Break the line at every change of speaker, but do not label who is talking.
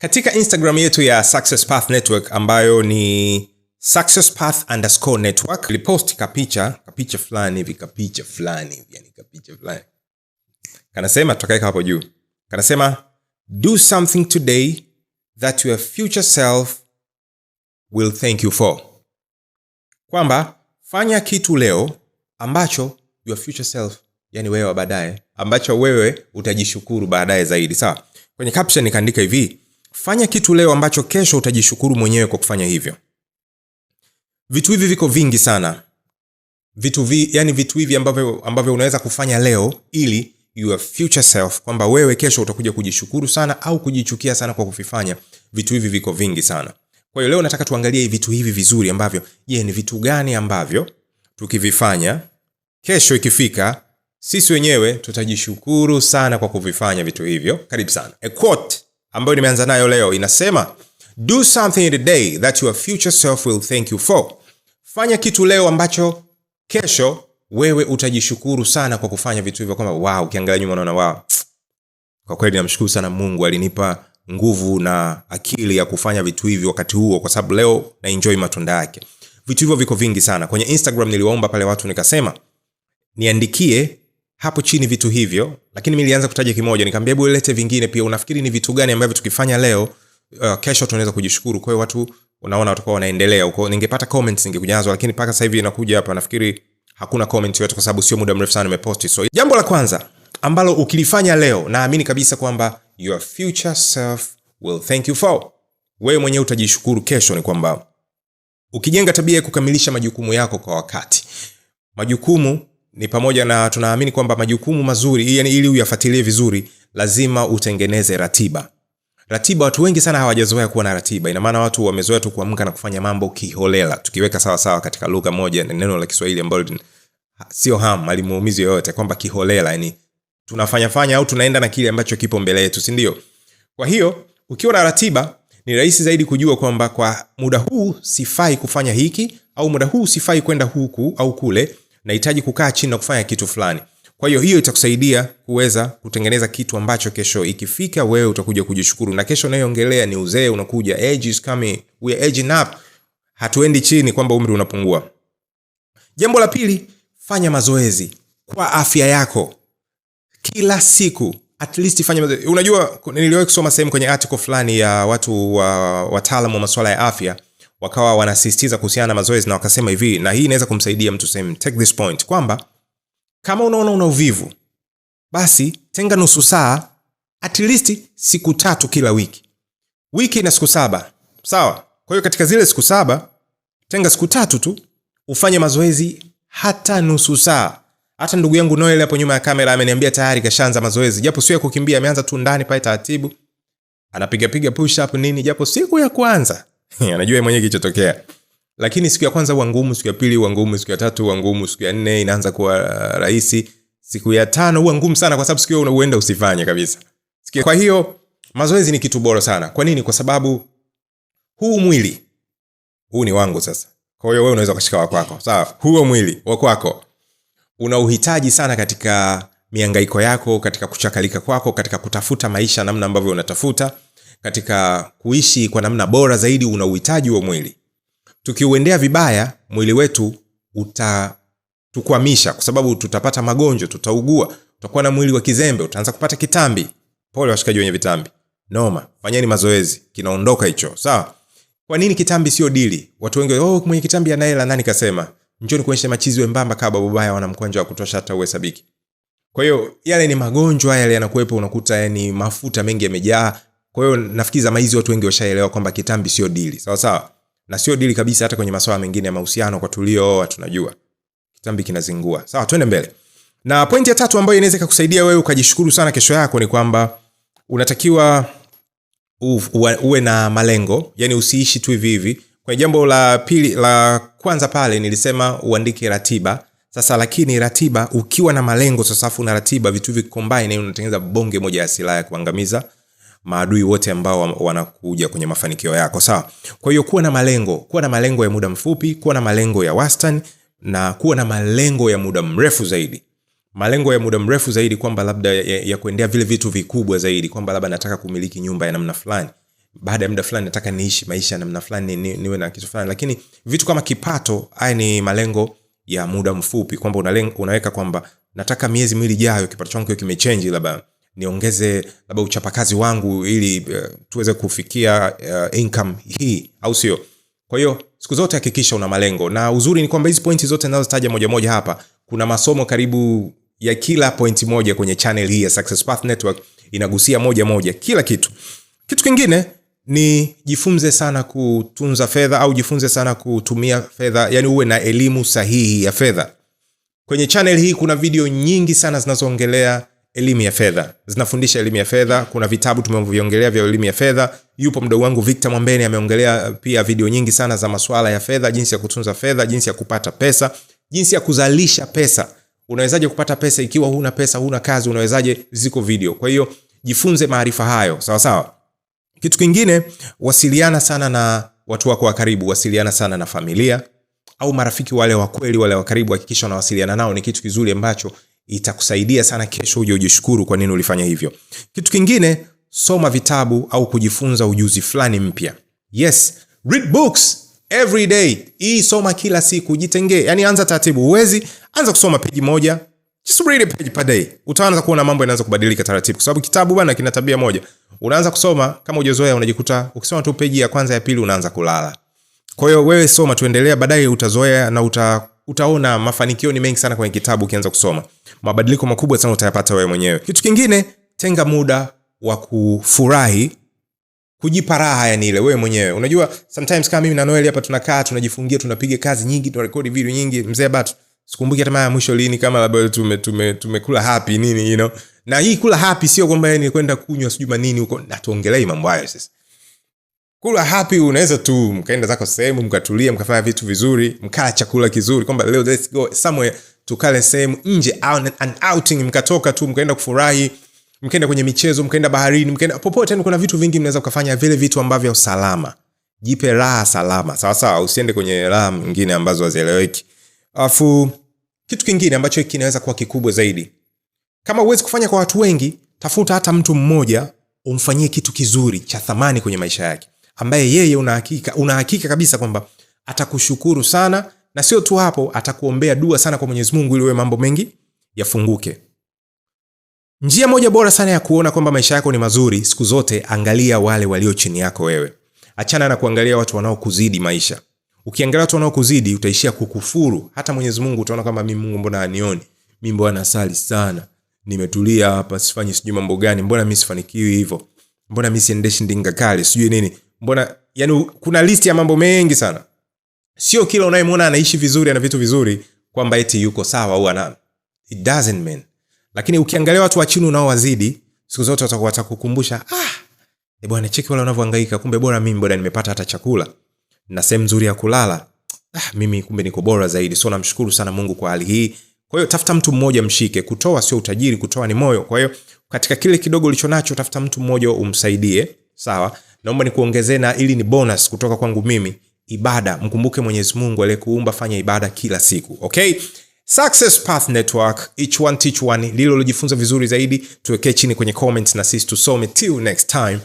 katika instagram yetu ya success path network ambayo ni success path underscore network ilipost kapicha kapicha fulani hivi kapicha fulani hivi yani kapicha fulani kanasema tutakaeka hapo juu kanasema do something today that your future self will thank you for kwamba fanya kitu leo ambacho your future self yani wewe wa baadaye ambacho wewe utajishukuru baadaye zaidi sawa kwenye caption nikaandika hivi Fanya kitu leo ambacho kesho utajishukuru mwenyewe kwa kufanya hivyo. Vitu hivi viko vingi sana vitu vi, yani vitu hivi ambavyo ambavyo unaweza kufanya leo ili your future self, kwamba wewe kesho utakuja kujishukuru sana au kujichukia sana kwa kuvifanya. Vitu hivi viko vingi sana. Kwa hiyo leo nataka tuangalie vitu hivi vizuri ambavyo, je, ni vitu gani ambavyo tukivifanya kesho ikifika, sisi wenyewe tutajishukuru sana kwa kuvifanya vitu hivyo. Karibu sana. A quote ambayo nimeanza nayo leo inasema do something today that your future self will thank you for. Fanya kitu leo ambacho kesho wewe utajishukuru sana kwa kufanya vitu hivyo, kwamba wow, ukiangalia nyuma unaona wow, kwa kweli namshukuru sana Mungu alinipa nguvu na akili ya kufanya vitu hivyo wakati huo, kwa sababu leo na enjoy matunda yake. Vitu hivyo viko vingi sana kwenye Instagram. Niliwaomba pale watu nikasema niandikie hapo chini vitu hivyo lakini mi nilianza kutaja kimoja nikaambia hebu lete vingine pia unafikiri ni vitu gani ambavyo tukifanya leo uh, kesho tunaweza kujishukuru kwa hiyo watu unaona watakuwa wanaendelea huko ningepata comments ningekujazwa lakini paka sasa hivi inakuja hapa nafikiri hakuna comment yote kwa sababu sio muda mrefu sana nimepost so jambo la kwanza ambalo ukilifanya leo naamini kabisa kwamba your future self will thank you for wewe mwenyewe utajishukuru kesho ni kwamba ukijenga tabia ya kukamilisha majukumu yako kwa wakati majukumu ni pamoja na tunaamini kwamba majukumu mazuri, yani ili uyafuatilie vizuri, lazima utengeneze ratiba. Ratiba, watu wengi sana hawajazoea kuwa na ratiba. Ina maana watu wamezoea tu kuamka na kufanya mambo kiholela. Tukiweka sawa sawa katika lugha moja, na neno la Kiswahili ambalo sio ham alimuumizi yoyote, kwamba kiholela, yani tunafanya fanya au tunaenda na kile ambacho kipo mbele yetu, si ndio? Kwa hiyo ukiwa na ratiba ni rahisi zaidi kujua kwamba kwa muda huu sifai kufanya hiki au muda huu sifai kwenda huku au kule nahitaji kukaa chini na kufanya kitu fulani kwa hiyo hiyo itakusaidia kuweza kutengeneza kitu ambacho kesho ikifika wewe utakuja kujishukuru na kesho unayoongelea ni uzee unakuja age is coming we are aging up hatuendi chini kwamba umri unapungua jambo la pili fanya mazoezi kwa afya yako kila siku at least fanya mazoezi. unajua niliwahi kusoma sehemu kwenye article fulani ya watu wa wataalamu wa masuala ya afya wakawa wanasisitiza kuhusiana na mazoezi na wakasema hivi, na hii inaweza kumsaidia mtu same. take this point kwamba kama unaona una uvivu, basi tenga nusu saa, at least siku tatu kila wiki. Wiki na siku saba, sawa? Kwa hiyo katika zile siku saba tenga siku tatu tu ufanye mazoezi hata nusu saa. Hata ndugu yangu Noel hapo nyuma ya kamera ameniambia tayari kashaanza mazoezi, japo sio ya kukimbia, ameanza tu ndani pale taratibu, anapigapiga push up nini, japo siku ya kwanza anajua mwenyewe kilichotokea lakini siku ya kwanza huwa ngumu siku ya pili huwa ngumu siku ya tatu huwa ngumu siku ya nne inaanza kuwa rahisi siku ya tano huwa ngumu sana kwa sababu siku hiyo uenda usifanye kabisa siku kwa hiyo mazoezi ni kitu bora sana kwa nini kwa sababu huu mwili huu ni wangu sasa kwa hiyo wewe unaweza ukashika wakwako sawa huo mwili wakwako unauhitaji sana katika miangaiko yako katika kuchakalika kwako katika kutafuta maisha namna ambavyo unatafuta katika kuishi kwa namna bora zaidi una uhitaji wa mwili. Tukiuendea vibaya mwili wetu utatukwamisha, kwa sababu tutapata magonjwa, tutaugua, utakuwa na mwili wa kizembe, utaanza kupata kitambi. Pole washikaji wenye vitambi, noma, fanyeni mazoezi, kinaondoka hicho, sawa. Kwa nini kitambi sio dili? Watu wengi oh, mwenye kitambi anaela nani kasema? Njoni kuonyesha machizi wembamba kama babu baya, wana mkwanja wa kutosha hata uhesabiki. Kwa hiyo yale ni magonjwa yale yanakuwepo, unakuta ni mafuta mengi yamejaa, kwa hiyo nafikiri zama hizi watu wengi washaelewa kwamba kitambi sio dili, sawa sawa, na sio dili kabisa hata kwenye masuala mengine ya mahusiano. Kwa tuliooa tunajua kitambi kinazingua. Sawa, twende mbele. Na pointi ya tatu ambayo inaweza ikakusaidia wewe ukajishukuru sana kesho yako ni kwamba unatakiwa uwe na malengo, yani usiishi tu hivi hivi. Kwenye jambo la pili la kwanza pale nilisema uandike ratiba. Sasa lakini ratiba ukiwa na malengo sasafu na ratiba vitu hivi combine, unatengeneza bonge moja ya silaha ya kuangamiza maadui wote ambao wanakuja kwenye mafanikio yako sawa kwa hiyo kuwa na malengo kuwa na malengo ya muda mfupi kuwa na malengo ya wastan na kuwa na malengo ya muda mrefu zaidi malengo ya muda mrefu zaidi kwamba labda ya, ya kuendea vile vitu vikubwa zaidi kwamba labda nataka kumiliki nyumba ya namna fulani baada ya muda fulani nataka niishi maisha ya namna fulani ni, niwe na kitu fulani lakini vitu kama kipato haya ni malengo ya muda mfupi kwamba unaweka kwamba nataka miezi miwili ijayo kipato changu kiwe kimechenji labda niongeze labda uchapakazi wangu ili uh, tuweze kufikia uh, income hii au sio kwa hiyo siku zote hakikisha una malengo na uzuri ni kwamba hizi pointi zote nazotaja moja moja hapa kuna masomo karibu ya kila pointi moja kwenye channel hii ya success path network inagusia moja moja kila kitu kitu kingine ni jifunze sana kutunza fedha au jifunze sana kutumia fedha yani uwe na elimu sahihi ya fedha kwenye channel hii kuna video nyingi sana zinazoongelea elimu ya fedha zinafundisha elimu ya fedha kuna vitabu tumeviongelea vya elimu ya fedha yupo mdogo wangu victor mwambeni ameongelea pia video nyingi sana za masuala ya fedha jinsi ya kutunza fedha jinsi ya kupata pesa jinsi ya kuzalisha pesa unawezaje kupata pesa ikiwa huna pesa huna kazi unawezaje ziko video kwa hiyo jifunze maarifa hayo sawa sawa kitu kingine wasiliana sana na watu wako wa karibu wasiliana sana na familia au marafiki wale wa kweli wale wa karibu hakikisha unawasiliana nao ni kitu kizuri ambacho itakusaidia sana kesho uje ujishukuru kwa nini ulifanya hivyo. Kitu kingine, soma vitabu au kujifunza ujuzi fulani mpya. Yes, read books every day. Hii soma kila siku, jitengee. Yaani anza taratibu. Huwezi anza kusoma peji moja. Just read a page per day. Utaanza kuona mambo yanaanza kubadilika taratibu kwa sababu kitabu bwana kina tabia moja. Unaanza kusoma kama hujazoea unajikuta ukisoma tu peji ya kwanza ya pili unaanza kulala. Kwa hiyo wewe soma tuendelea, baadaye utazoea na uta utaona mafanikio ni mengi sana kwenye kitabu ukianza kusoma mabadiliko makubwa sana utayapata wewe mwenyewe kitu kingine tenga muda wa kufurahi kujipa raha yani ile wewe mwenyewe unajua sometimes kama mimi na Noel hapa tunakaa tunajifungia tunapiga kazi nyingi tunarekodi video nyingi mzee bat sikumbuki hata mara mwisho lini kama labda tume, tume, tumekula happy nini you know na hii kula happy sio kwamba ni kwenda kunywa sijuma nini huko na tuongelei mambo hayo sasa kula happy, unaweza tu mkaenda zako sehemu mkatulia, mkafanya vitu vizuri, mkala chakula kizuri, kwamba leo let's go somewhere, tukale sehemu nje, an outing, mkatoka tu mkaenda kufurahi, mkaenda kwenye michezo, mkaenda baharini, mkaenda popote. kuna vitu vingi mnaweza kufanya, vile vitu ambavyo usalama, jipe raha salama, sawa sawa, usiende kwenye raha nyingine ambazo hazieleweki. alafu kitu kingine ambacho kinaweza kuwa kikubwa zaidi, kama uwezi kufanya kwa watu wengi, tafuta hata mtu mmoja umfanyie kitu kizuri cha thamani kwenye maisha yake ambaye yeye unahakika unahakika kabisa kwamba atakushukuru sana, na sio tu hapo, atakuombea dua sana kwa Mwenyezi Mungu ili mambo mengi yafunguke. Njia moja bora sana ya kuona kwamba maisha yako ni mazuri siku zote, angalia wale walio chini yako wewe. Achana na kuangalia watu wanaokuzidi maisha. Ukiangalia watu wanaokuzidi utaishia kukufuru. Hata Mwenyezi Mungu utaona kwamba mimi Mungu mbona anioni? Mimi mbona nasali sana? Nimetulia hapa sifanyi sijui mambo gani, mbona mimi sifanikiwi hivyo? Mbona mimi siendeshi ndinga kale, sijui nini? mbona yani kuna list ya mambo mengi sana sio kila unayemwona anaishi vizuri ana vitu vizuri kwamba eti yuko sawa au ana it doesn't mean lakini ukiangalia watu wa chini unaowazidi siku zote watakukumbusha ah, e bwana cheki wale wanavyohangaika kumbe bora mimi bwana nimepata hata chakula na sehemu nzuri ya kulala ah, mimi kumbe niko bora zaidi so namshukuru sana mungu kwa hali hii kwa hiyo tafuta mtu mmoja mshike kutoa sio utajiri kutoa ni moyo kwa hiyo katika kile kidogo ulichonacho tafuta mtu mmoja umsaidie sawa Naomba nikuongezee na ili ni bonus kutoka kwangu mimi, ibada. Mkumbuke Mwenyezi Mungu aliyekuumba, fanya ibada kila siku, okay? Success Path Network, each one teach one. Lilo lojifunza vizuri zaidi tuwekee chini kwenye comments na sisi tusome. Till next time.